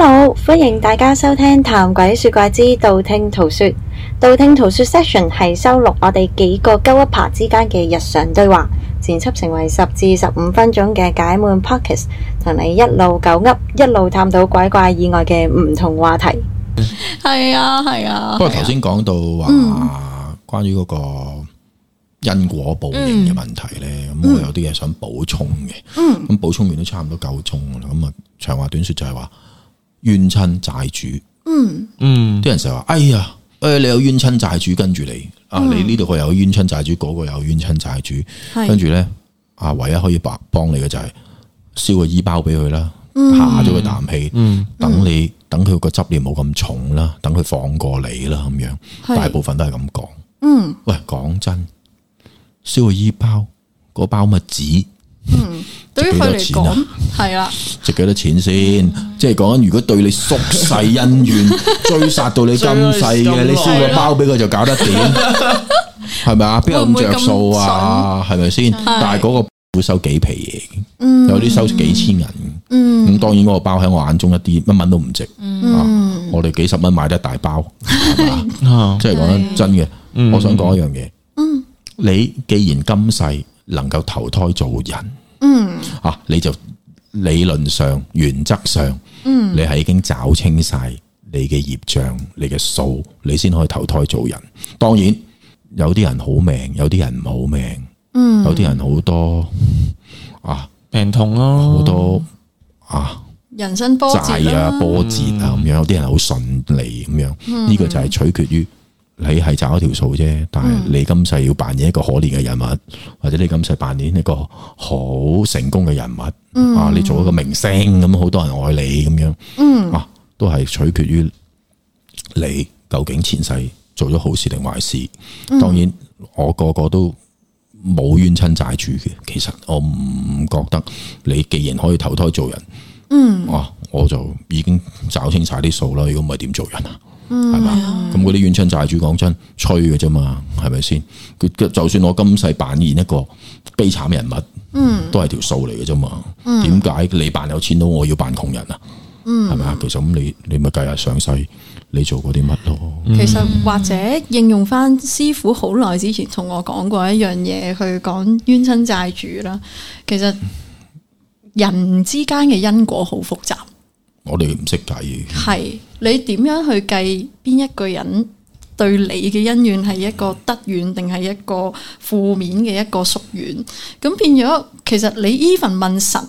Hello，歡迎大家收聽《談鬼說怪之道聽途說》，道聽途說 session 係收錄我哋幾個鳩 uper 之間嘅日常對話，前輯成為十至十五分鐘嘅解悶 pockets，同你一路狗噏，一路探討鬼怪以外嘅唔同話題。係啊，係啊。不過頭先講到話關於嗰個因果報應嘅問題呢，咁、嗯嗯、我有啲嘢想補充嘅。咁補、嗯嗯、充完都差唔多夠鐘啦。咁啊，長話短說就係、是、話。冤親債主，嗯嗯，啲人成日話，哎呀，誒，你有冤親債主跟住你，啊、嗯，你呢度、又有冤親債主，嗰個有冤親債主，跟住咧，啊，唯一可以白幫你嘅就係燒個衣包俾佢啦，嗯、下咗個啖氣，嗯，等你等佢個執念冇咁重啦，等佢放過你啦，咁樣，是大部分都係咁講，嗯，喂，講真，燒個衣包，嗰包乜紙，嗯值幾多錢啊？係啦，值幾多錢先？即係講緊，如果對你宿世恩怨追殺到你今世嘅，你燒個包俾佢就搞得掂，係咪啊？邊有咁着數啊？係咪先？但係嗰個會收幾皮嘢，有啲收幾千銀。咁當然嗰個包喺我眼中一啲乜蚊都唔值。我哋幾十蚊買得一大包，係嘛？即係講真嘅，我想講一樣嘢。你既然今世能夠投胎做人。嗯啊，你就理論上、原則上，嗯，你係已經找清晒你嘅業障、你嘅數，你先可以投胎做人。當然有啲人好命，有啲人唔好命，嗯，有啲人好多啊，病痛咯，好多啊，多啊人生波折啊，啊波折啊咁、嗯、樣，有啲人好順利咁樣，呢、嗯嗯、個就係取決於。你係找一條數啫，但係你今世要扮演一個可憐嘅人物，或者你今世扮演一個好成功嘅人物，嗯、啊，你做一個明星咁，好多人愛你咁樣，啊，都係取決於你究竟前世做咗好事定壞事。當然，我個個都冇冤親債主嘅，其實我唔覺得你既然可以投胎做人，嗯，啊，我就已經找清晒啲數啦，如果唔係點做人啊？係嘛？咁嗰啲冤親債主講真，吹嘅啫嘛，係咪先？佢就算我今世扮演一個悲慘人物，嗯，都係條數嚟嘅啫嘛。點解、嗯、你扮有錢佬，我要扮窮人啊？係咪啊？其實咁你你咪計下上世你做過啲乜咯？嗯、其實或者應用翻師傅好耐之前同我講過一樣嘢，去講冤親債主啦。其實人之間嘅因果好複雜。我哋唔識計嘅。係你點樣去計邊一個人對你嘅恩怨係一個德怨定係一個負面嘅一個宿怨？咁變咗，其實你 even 問神，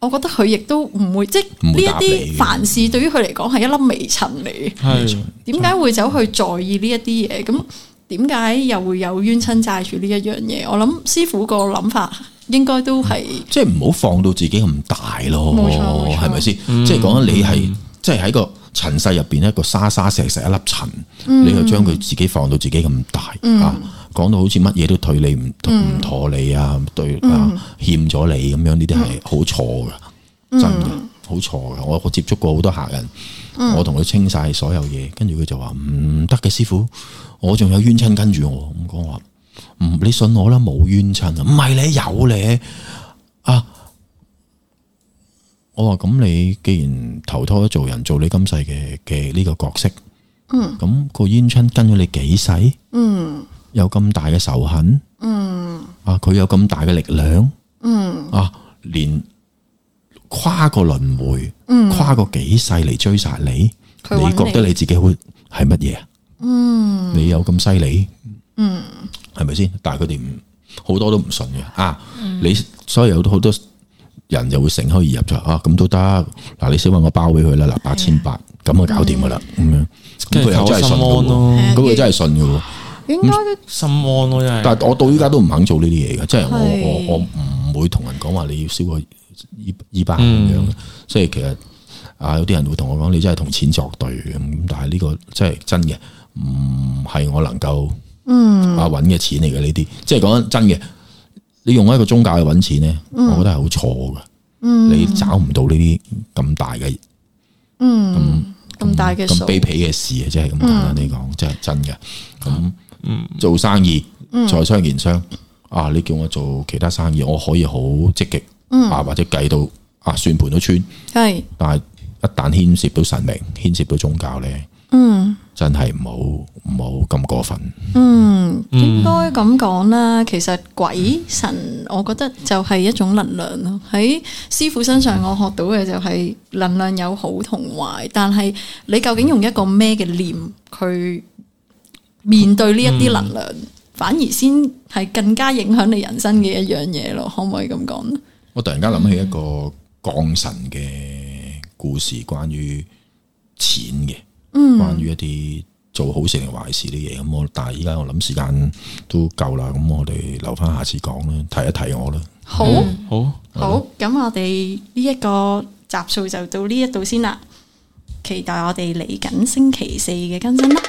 我覺得佢亦都唔會，即係呢一啲凡事對於佢嚟講係一粒微塵嚟。係點解會走去在意呢一啲嘢？咁點解又會有冤親債主呢一樣嘢？我諗師傅個諗法。應該都係，即係唔好放到自己咁大咯，係咪先？是是嗯、即係講緊你係，即係喺個塵世入邊一個沙沙石石一粒塵，嗯、你就將佢自己放到自己咁大、嗯、啊？講到好似乜嘢都退你唔唔妥你啊？嗯、對啊，欠咗你咁樣呢啲係好錯噶，錯嗯、真嘅好錯噶。我我接觸過好多客人，嗯、我同佢清晒所有嘢，跟住佢就話唔得嘅，師傅，我仲有冤親跟住我咁講話。唔，你信我啦，冇冤親啊，唔係你有你啊。我話咁，你既然投胎咗做人，做你今世嘅嘅呢個角色，嗯，咁個冤親跟咗你幾世，嗯，有咁大嘅仇恨，嗯，啊，佢有咁大嘅力量，嗯，啊，連跨過輪迴，嗯，跨過幾世嚟追殺你，你覺得你自己會係乜嘢啊？嗯，你有咁犀利，嗯。係咪先？但係佢哋唔好多都唔信嘅啊！你、嗯、所以有好多人就會乘虛而入咗啊！咁都得嗱，你先搵個包俾佢啦嗱，八千八咁啊，就搞掂噶啦咁樣。佢又真係信咯，咁佢真係信噶喎。應該什麼咯？但係我到依家都唔肯做呢啲嘢嘅，即係我我我唔會同人講話你要燒個二二百咁樣。即係其實啊，有啲人會同我講，你真係同錢作對咁。但係呢個真係、嗯、真嘅，唔係我能夠。嗯，啊，搵嘅錢嚟嘅呢啲，即係講真嘅，你用一個宗教去搵錢咧，我覺得係好錯噶。嗯，你找唔到呢啲咁大嘅，嗯，咁大嘅，咁卑鄙嘅事啊，即係咁講，你講即係真嘅。咁，做生意，嗯，在商言商，啊，你叫我做其他生意，我可以好積極，啊，或者計到啊，算盤都穿，係，但係一旦牽涉到神明，牽涉到宗教咧。嗯，真係冇冇咁過分。嗯，應該咁講啦。其實鬼神，我覺得就係一種能量咯。喺師傅身上，我學到嘅就係能量有好同壞，但係你究竟用一個咩嘅念去面對呢一啲能量，嗯、反而先係更加影響你人生嘅一樣嘢咯。可唔可以咁講？我突然間諗起一個降神嘅故事，關於錢嘅。嗯、關於一啲做好事定壞事啲嘢，咁我但係依家我諗時間都夠啦，咁我哋留翻下，下次講啦，提一提我啦。好，嗯、好，好，咁我哋呢一個集數就到呢一度先啦，期待我哋嚟緊星期四嘅更新啦。